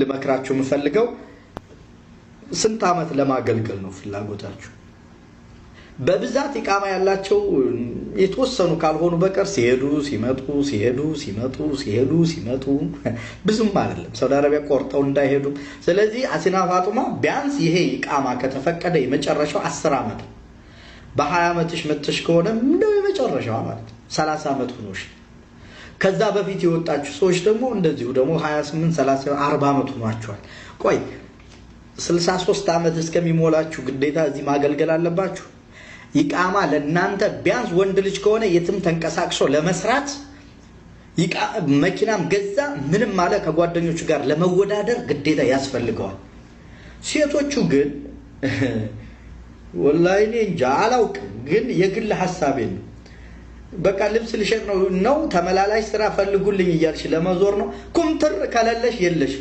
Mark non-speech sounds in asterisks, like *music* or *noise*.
ልመክራችሁ የምፈልገው ስንት ዓመት ለማገልገል ነው ፍላጎታችሁ? በብዛት ኢቃማ ያላቸው የተወሰኑ ካልሆኑ በቀር ሲሄዱ ሲመጡ ሲሄዱ ሲመጡ ሲሄዱ ሲመጡ ብዙም አይደለም። ሳውዲ አረቢያ ቆርጠው እንዳይሄዱ። ስለዚህ አሲና ፋጡማ ቢያንስ ይሄ ኢቃማ ከተፈቀደ የመጨረሻው አስር ዓመት ነው። በሀያ ዓመትሽ መጥተሽ ከሆነ ምንደው የመጨረሻው ማለት ሰላሳ ዓመት ሆኖሽ ከዛ በፊት የወጣችሁ ሰዎች ደግሞ እንደዚሁ ደግሞ 28 30 40 ዓመት ሆኗቸዋል። ቆይ 63 ዓመት እስከሚሞላችሁ ግዴታ እዚህ ማገልገል አለባችሁ። ይቃማ ለእናንተ ቢያንስ ወንድ ልጅ ከሆነ የትም ተንቀሳቅሶ ለመስራት መኪናም ገዛ ምንም አለ ከጓደኞቹ ጋር ለመወዳደር ግዴታ ያስፈልገዋል። ሴቶቹ ግን *laughs* ወላሂ እኔ እንጃ አላውቅም፣ ግን የግል ሀሳቤ ነው። በቃ ልብስ ልሸጥ ነው ነው ተመላላሽ ስራ ፈልጉልኝ እያልሽ ለመዞር ነው። ኩምትር ከሌለሽ የለሽ